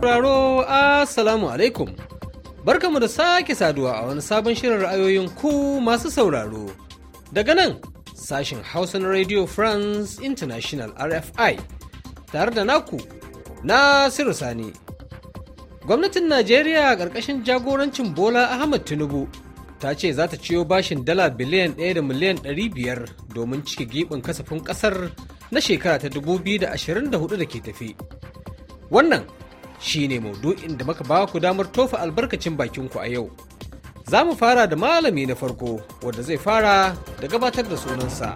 Raro Assalamu alaikum. Barkamu da sake saduwa a wani sabon shirin ra'ayoyin ku masu sauraro. Daga nan sashen Hausa na Radio France International RFI tare da naku Nasiru Sani. Gwamnatin Najeriya ƙarƙashin jagorancin Bola Ahmad Tinubu ta ce za ta ciyo bashin dala biliyan 1 da miliyan 500 domin cike gibin kasafin ƙasar na shekara ta 2024 da ke tafi. Wannan shi ne maudu'in da muka ba ku damar tofa albarkacin bakinku a yau. Za mu fara da malami na farko wanda zai fara da gabatar da sunansa.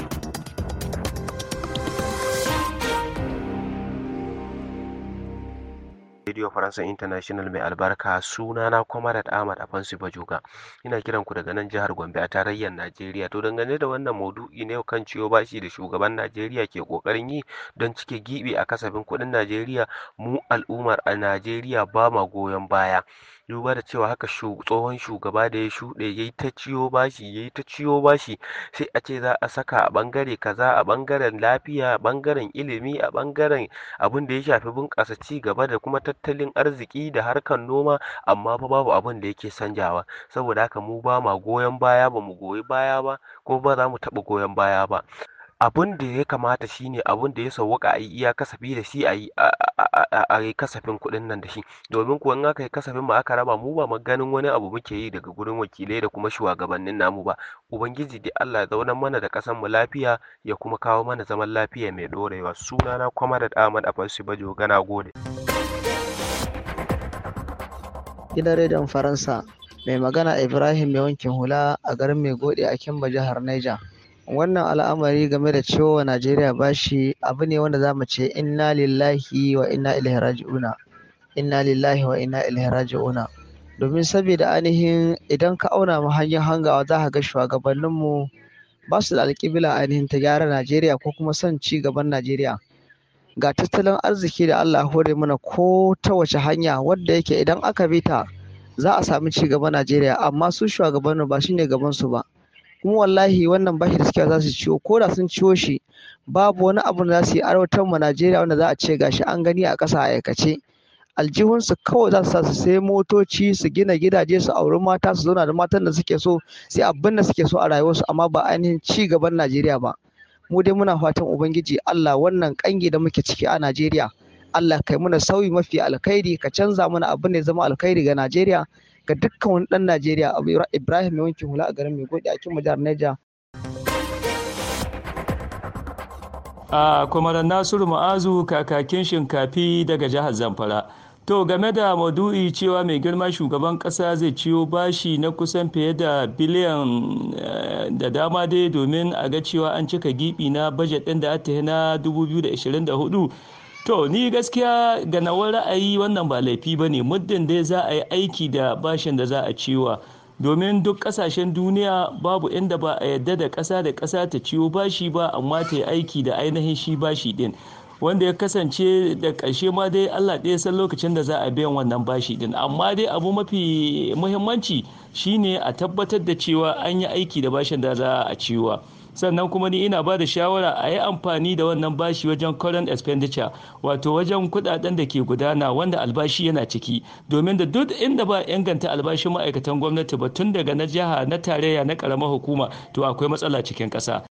Radio Faransa International mai albarka suna na Kwamarat Ahmad Afansu Bajoga. Ina kiran ku daga nan jihar Gombe a tarayyar Najeriya. To dangane da wannan maudu'i ne kan ciwo bashi da shugaban Najeriya ke kokarin yi don cike gibi a kasafin kuɗin Najeriya mu al'ummar a Najeriya ba ma goyon baya. duba da cewa haka tsohon shugaba da ya shuɗe ya yi ta ciyo bashi ya yi ta ciyo bashi sai a ce za a saka a ɓangare kaza a ɓangaren lafiya a ɓangaren ilimi a ɓangaren abin da ya shafi bunƙasa ci gaba da kuma tattalin arziki da harkar noma amma fa babu abin da yake sanjawa saboda haka mu bama goyon baya ba mu goyi baya ba ko ba za mu taɓa goyon baya ba abun da ya kamata shi ne abun da ya sauwaƙa a yi iya kasafi da shi a yi a yi kasafin kuɗin nan da shi domin kuwa in aka yi kasafin ba aka raba mu ba ganin wani abu muke yi daga gurin wakilai da kuma shugabannin namu ba ubangiji da Allah ya zaunar mana da ƙasar mu lafiya ya kuma kawo mana zaman lafiya mai ɗorewa sunana da Ahmad Afansu Bajo gana gode. Gidan rediyon Faransa mai magana Ibrahim mai wankin hula a garin mai gode a Kimba jihar Niger. wannan al'amari game da ciwo Najeriya bashi abu ne wanda za mu ce inna lillahi wa inna ilaihi raji'una inna lillahi wa inna ilaihi raji'una domin saboda ainihin idan ka auna mu hanyar hangawa za ka ga shugabanninmu ba su da alƙibla ainihin ta gyara Najeriya ko kuma son ci gaban Najeriya ga tattalin arziki da Allah hore mana ko ta wace hanya wadda yake idan aka bi ta za a sami ci gaban Najeriya amma su shugabannin ba shine gaban su ba kuma wallahi wannan bashi da suke za su ciwo ko da sun ciwo shi babu wani abu da za su yi arautar ma Najeriya wanda za a ce gashi an gani a ƙasa a aikace aljihunsu kawai za su sa su sai motoci su gina gidaje su auri mata su zauna da matan da suke so sai abin da suke so a rayuwarsu amma ba ainihin ci gaban Najeriya ba mu dai muna fatan ubangiji Allah wannan kangi da muke ciki a Najeriya Allah kai muna sauyi mafi alkhairi ka canza mana abin da ya zama alkhairi ga Najeriya ga dukkan wani ɗan Najeriya Ibrahim mai wankin hula a garin Mai Gode a cikin jihar Niger. A kwamaran Nasiru Ma'azu kakakin shinkafi daga jihar Zamfara. To game da madu'i cewa mai girma shugaban ƙasa zai ciyo bashi na kusan fiye da biliyan eh, da dama dai domin a ga cewa an cika gibi na bajet ɗin da ta na 2024 To ni gaskiya ga nawa ra'ayi wannan ba laifi ba ne muddin dai za a yi aiki da bashin da za a ciwa domin duk ƙasashen duniya babu inda ba a yadda da ƙasa da ƙasa ta ciwo bashi ba amma ta yi aiki da ainihin shi bashi din wanda ya kasance da ƙarshe ma dai Allah ɗaya san lokacin da za a biyan wannan bashi din amma dai abu mafi muhimmanci shi ne a tabbatar da cewa an yi aiki da bashin da za a ciwa sannan kuma ni ina ba da shawara a yi amfani da wannan bashi wajen current expenditure wato wajen kudaden da ke gudana wanda albashi yana ciki domin da duk inda ba inganta albashin ma'aikatan gwamnati ba tun daga na jiha na tarayya na karamar hukuma to akwai matsala cikin ƙasa.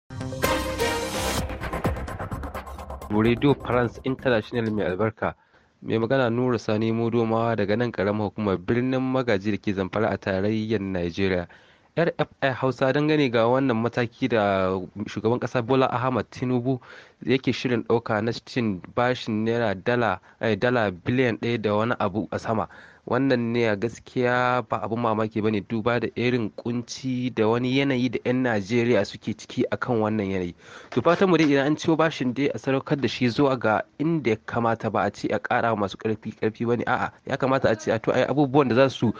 Radio France International mai albarka mai magana nura sani mudomawa daga nan karamar hukumar birnin magaji da ke zamfara a tarayyar nigeria rfi hausa don gani ga wannan mataki da shugaban kasa bola ahmad tinubu yake shirin ɗauka na cin bashin naira dala eh, biliyan ɗaya da wani abu a sama wannan ne a gaskiya ba abin mamaki ba ne duba da irin kunci da wani yanayi da 'yan najeriya suke ciki akan wannan yanayi to fatan mu dai idan an ciwo bashin dai a sadaukar da shi zuwa ga inda ya kamata ba a ce a kara masu karfi karfi ba ne a'a ya kamata a ce a to yi abubuwan da za su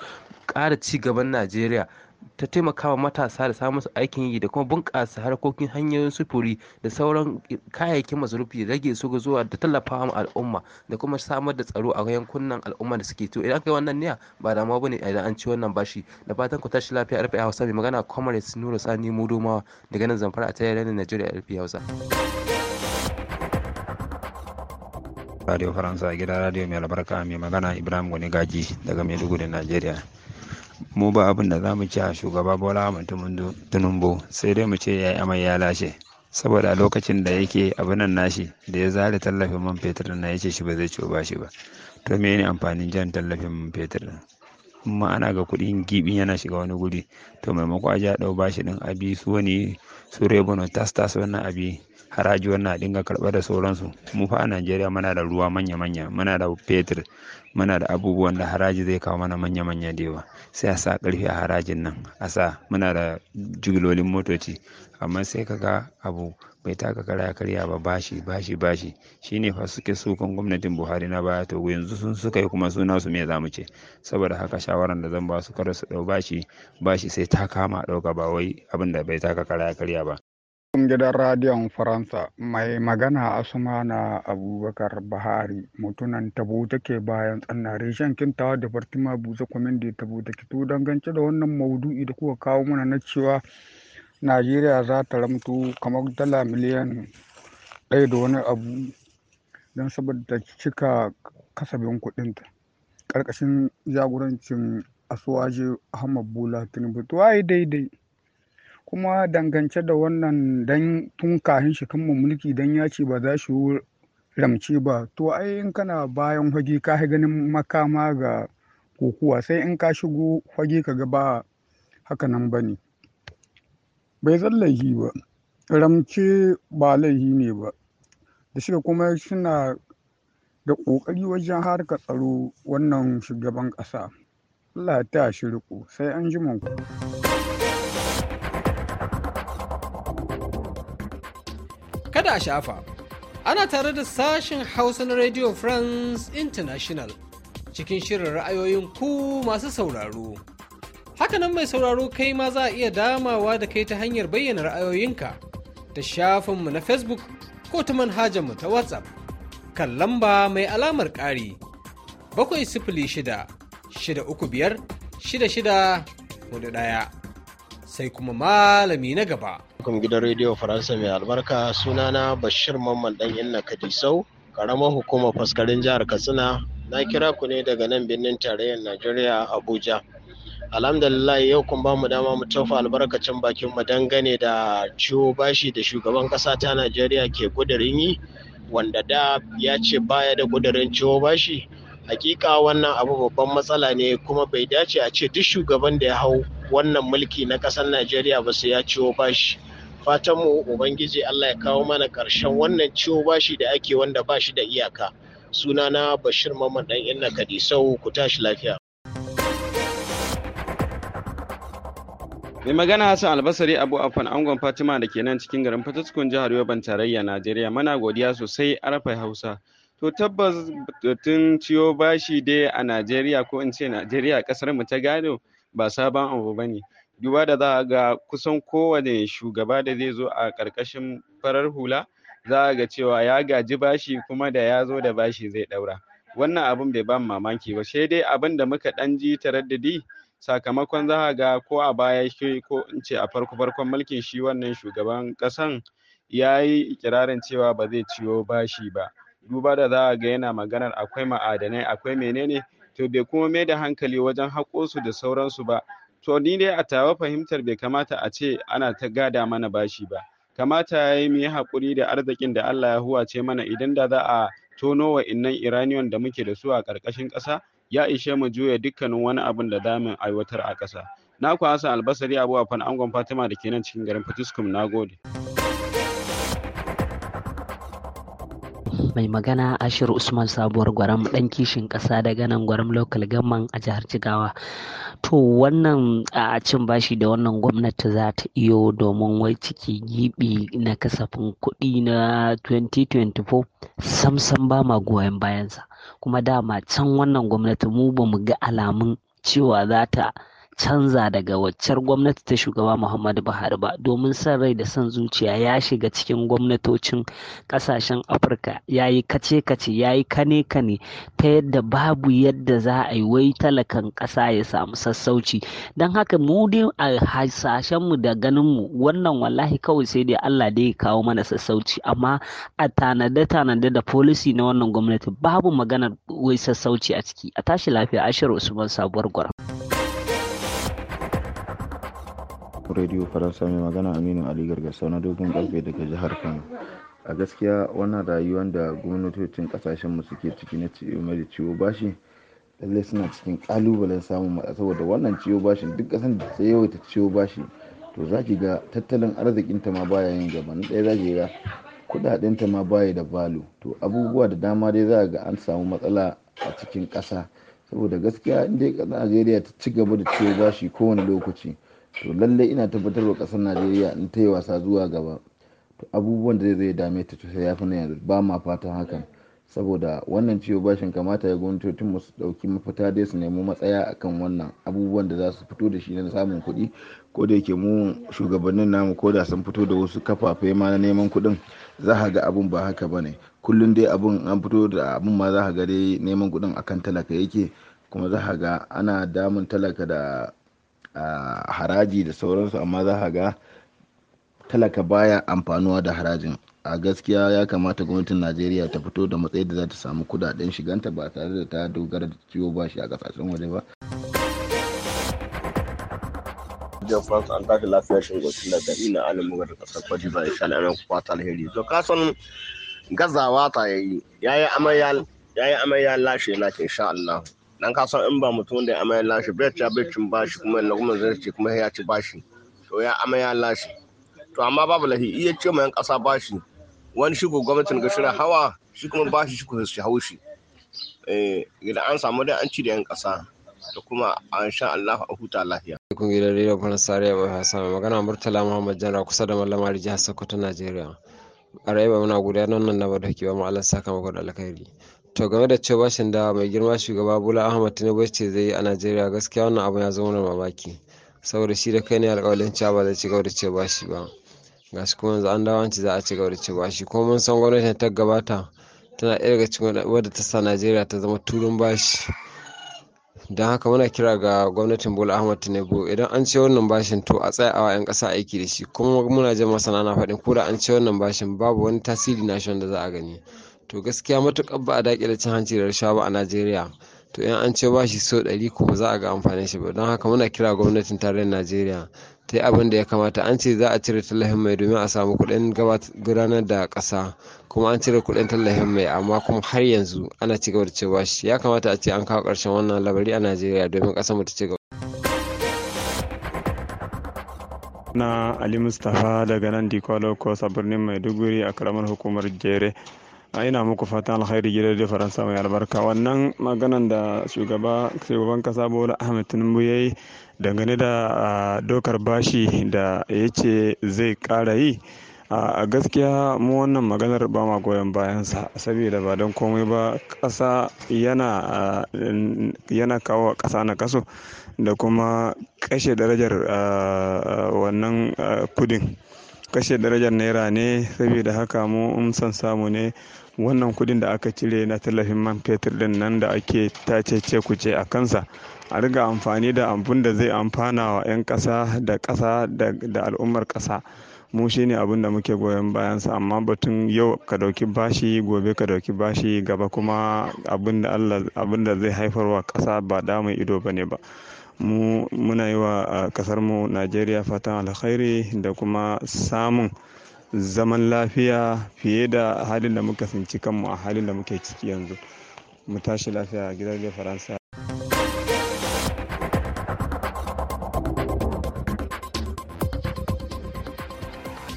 kara ci gaban najeriya ta taimakawa matasa da samun aikin yi da kuma bunƙasa harkokin hanyoyin sufuri da sauran kayayyakin masarufi rage su zuwa da tallafawa ma al'umma da kuma samar da tsaro a yankunan al'umma da suke to idan kai wannan niyya ba damuwa bane idan an ci wannan bashi da fatan ku tashi lafiya arfi hausa mai magana comrades nuru sani mudomawa daga nan zamfara a tarayyar najeriya arfi hausa. radio faransa gida radio mai albarka mai magana ibrahim gwani gaji daga maiduguri nigeria mu ba abin da za mu ci a shugaba bola mutumin tinubu sai dai mu ce ya yi amai ya lashe saboda a lokacin da yake abinan nashi da ya zare tallafin man fetur na ya ce shi ba zai ciwo ba shi ba to me ne amfanin jan tallafin man fetur din in ana ga kuɗin gibin yana shiga wani guri to maimako a ja ɗau bashi din abi su wani su rebono tas tas wannan abi haraji wannan a dinga karɓa da sauransu mu fa a najeriya muna da ruwa manya-manya muna da fetur muna da abubuwan da haraji zai kawo mana manya-manya da yawa sai a sa ƙarfi a harajin nan a sa muna da jigilolin motoci amma sai ka ga abu bai taka kara ya karya ba bashi bashi bashi shine fa suke sukan gwamnatin buhari na baya to yanzu sun suka yi kuma suna su me zamu ce saboda haka shawaran da zan ba su kada su dau bashi bashi sai ta kama a dauka ba wai abinda bai taka kara ya karya ba gidan radiyon Faransa, mai magana Asmana Abubakar Bahari, mutunan tabo take bayan tsannare shan kintawa da Fatima Buza kwamin da tabo da to dangance da wannan maudu'i da kuka kawo mana na cewa Najeriya za ta ramto kamar dala miliyan ɗaya da wani abu don saboda cika kasafin kuɗinta ƙarƙashin jagorancin Asuwaje Ahmad Bola Tinubu to ai daidai kuma dangance da wannan dan tun kahin shi kan mulki dan ya ce ba za shi ramce ba to ai in kana bayan fage ka ganin makama ga kokuwa sai in ka shigo fage ka ga ba haka nan ba ne bai zan laihi ba ramce ba laihi ne ba da shiga kuma suna da ƙoƙari wajen harka tsaro wannan shugaban ƙasa Allah ya ta shi sai an ji ku. kada a shafa. Ana tare da sashen Hausa na Radio France International cikin shirin ra'ayoyin ku masu sauraro. Hakanan mai sauraro kai ma za a iya damawa da kai ta hanyar bayyana ra'ayoyinka ta shafinmu na Facebook ko ta manhajarmu ta WhatsApp kan lamba mai alamar ƙari bakwai sifili shida shida uku biyar shida shida hudu ɗaya. sai kuma malami na gaba. kun gidan rediyo Faransa mai albarka sunana Bashir Mamman dan Inna Kadisau, karamar hukumar faskarin jihar Katsina. Na kira ku ne daga nan birnin tarayyar Najeriya Abuja. Alhamdulillah yau kun ba mu dama mu tofa albarkacin bakin mu dangane da ciwo bashi da shugaban kasa ta Najeriya ke kudirin yi wanda da ya ce baya da gudarin ciwo bashi. Hakika wannan abu babban matsala ne kuma bai dace a ce duk shugaban da ya hau wannan mulki na ƙasar najeriya ba sai ya ciwo bashi fatanmu ubangiji allah ya kawo mana ƙarshen wannan ciwo bashi da ake wanda bashi da iyaka sunana bashir mamman dan inna kadisau ku tashi lafiya mai magana hassan albasari abu afan angon fatima da ke nan cikin garin fataskun jihar yoban tarayya najeriya mana godiya sosai arafai hausa to tabbas batun ciwo bashi dai a najeriya ko in ce najeriya kasar mu ta gado ba sabon abu ba ne duba da za ga kusan kowane shugaba da zai zo a ƙarƙashin farar hula za ga cewa ya gaji bashi kuma da ya zo da bashi zai ɗaura wannan abin bai ba mamaki ba sai dai abin da muka ɗan ji taraddadi sakamakon za ga ko a baya shi ko in ce a farko farkon mulkin shi wannan shugaban ƙasan ya yi ikirarin cewa ba zai ciwo bashi ba duba da za ga yana maganar akwai ma'adanai akwai menene to bai kuma mai da hankali wajen haƙo su da sauransu ba to ni dai a tawa fahimtar bai kamata a ce ana ta gada mana bashi ba kamata ya yi mu yi haƙuri da arzikin da Allah ya huwace mana idan da za a tono wa innan iraniyon da muke da su a ƙarƙashin ƙasa ya ishe mu juya dukkanin wani abin da damin aiwatar a ƙasa na ku Hassan Albasari abuwa fan Angon Fatima da kenan cikin garin Fatiskum gode. mai magana ashir usman sabuwar gwaram dan kishin kasa daga nan gwaram local gamman a jihar jigawa to wannan a cin bashi da wannan gwamnati za ta iyo domin wai ciki gibi na kasafin kuɗi na 2024 samsam ba ma goyon bayansa kuma dama can wannan gwamnati mu ba mu ga alamun cewa za ta canza daga waccar gwamnati ta shugaba muhammadu buhari ba domin san rai da san zuciya ya shiga cikin gwamnatocin kasashen afirka ya yi kace-kace ya yi kane-kane ta yadda babu yadda za a yi wai talakan ƙasa ya samu sassauci don haka mu dai a hasashenmu da ganinmu wannan wallahi kawai sai dai allah da ya kawo mana sassauci amma a tanade-tanade da folisi na wannan gwamnati babu maganar wai sassauci a ciki a tashi lafiya ashirar usman sabuwar gwara. rediyo faransa mai magana aminu ali gargasa na dogon karfe daga jihar kano a gaskiya wannan rayuwar da gwamnatocin kasashen mu suke ciki na mai da ciwo bashi lallai suna cikin kalubalen samun matsa saboda wannan ciwo bashi duk kasan da ta yawaita ciwo bashi to za ki ga tattalin arzikinta ma baya yin gaba na ɗaya za ki ga kuɗaɗen ta ma baya da balo to abubuwa da dama dai za ga an samu matsala a cikin ƙasa saboda gaskiya inda ƙasar najeriya ta ci gaba da ciwo bashi kowane lokaci to lallai ina tabbatar wa kasar najeriya in ta yi wasa zuwa gaba to abubuwan da zai dame ta sosai ya fi na yanzu ba ma fatan hakan saboda wannan ciwo bashin kamata ya gwamnatocin tun su ɗauki mafita dai su nemi matsaya akan wannan abubuwan da za su fito da shi na samun kuɗi ko da yake mu shugabannin namu ko da sun fito da wasu kafafe ma na neman kuɗin za a ga abun ba haka ba ne kullum dai abun an fito da abun ma za a ga dai neman kuɗin akan talaka yake kuma za a ga ana damun talaka da haraji da sauransu amma za ka ga talaka baya amfanuwa da harajin a gaskiya ya kamata gwamnatin najeriya ta fito da matsayi da za ta samu kudaden shiganta ba tare da ta dogara da ciwo bashi a kasashen waje ba Jihar France an tashi lafiyar na gari na alamu da kasar kwaji ya kwata alheri to ka san gazawa ta yayi yayi amayal lashe na ke insha allahu. dan ka san in ba mutum da amaya lashi bai ta bai cin bashi kuma yana kuma zai kuma ya ci bashi to ya amaya lashi to amma babu lahi iya ce ma yan kasa bashi wani shi gwamnatin ga shirin hawa shi kuma bashi shi kuma shi haushi eh idan an samu dai an ci da yan kasa da kuma an sha Allah a huta lafiya. Kun gidan rediyon Faransa mai Hassan magana Murtala Muhammad Jara kusa da Mallamari jihar Sokoto Najeriya. Arewa muna gudanar nan na ba da kiwa mu Allah saka maka da alkhairi. To game da cewa bashin da mai girma shugaba bula Ahmed Tinubu ce zai yi a Najeriya gaskiya wannan abu ya zama wani mamaki saboda shi da kai ne alƙawalin cewa ba zai ci gaba da ce bashi ba. Ga shi kuma yanzu an dawo an za a ci gaba da ce bashi kuma mun san gwamnatin ta gabata tana ɗaya daga cikin wadda ta sa Najeriya ta zama turun bashi. Don haka muna kira ga gwamnatin Bola Ahmed Tinubu idan an ce wannan bashin to a tsaya a 'yan ƙasa aiki da shi kuma muna jin masana na faɗin ko da an ce wannan bashin babu wani tasiri na da za a gani. to gaskiya matukar ba a daƙile cin hanci da rasha ba a najeriya to in an ce ba shi so ɗari ko ba za a ga amfanin shi ba don haka muna kira gwamnatin tarayyar najeriya ta yi abin da ya kamata an ce za a cire tallafin mai domin a samu kuɗin gudanar da ƙasa kuma an cire kuɗin tallafin mai amma kuma har yanzu ana ci gaba da ba shi ya kamata a ce an kawo ƙarshen wannan labari a najeriya domin ƙasar mu ta ci gaba na ali mustapha daga nan dikwalo ko birnin maiduguri a karamar hukumar jere a ina muku fatan alkhairi gidan da faransa mai albarka wannan maganan da shugaba shugaban kasa bola ahmed tinubu ya yi dangane da dokar bashi da ya ce zai kara yi a gaskiya mu wannan maganar ba ma goyon bayansa saboda ba don komai ba ƙasa yana kawo ƙasa na kaso da kuma kashe darajar wannan kudin kashe darajar naira ne saboda haka mu in son samu ne wannan kudin da aka cire na tallafin man fetur din nan da ake tace ce kuce a kansa a riga amfani da abun da zai amfana wa 'yan kasa da kasa da al'ummar kasa mu shi ne abin da muke goyon bayansa amma batun yau ka dauki bashi gobe ka dauki bashi gaba kuma abin da zai haifarwa kasa ba da mai ido ba ne ba mu muna yi wa ƙasarmu najeriya fatan alkhairi da kuma samun zaman lafiya fiye da halin da muka tsinci kanmu a halin da muke ciki yanzu mu tashi lafiya a gidan faransa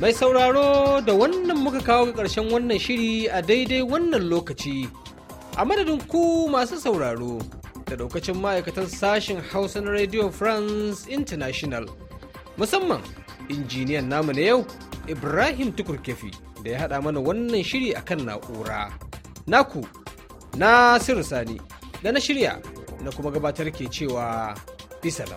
Mai sauraro da wannan muka kawo ga ƙarshen wannan shiri a daidai wannan lokaci. A madadin ku masu sauraro, da daukacin ma'aikatan sashen Hausa na Radio France International. Musamman injiniyan namu na yau Ibrahim Tukurkefi da ya haɗa mana wannan shiri akan na'ura. Naku, na Sani, da na shirya na kuma gabatar ke cewa bisa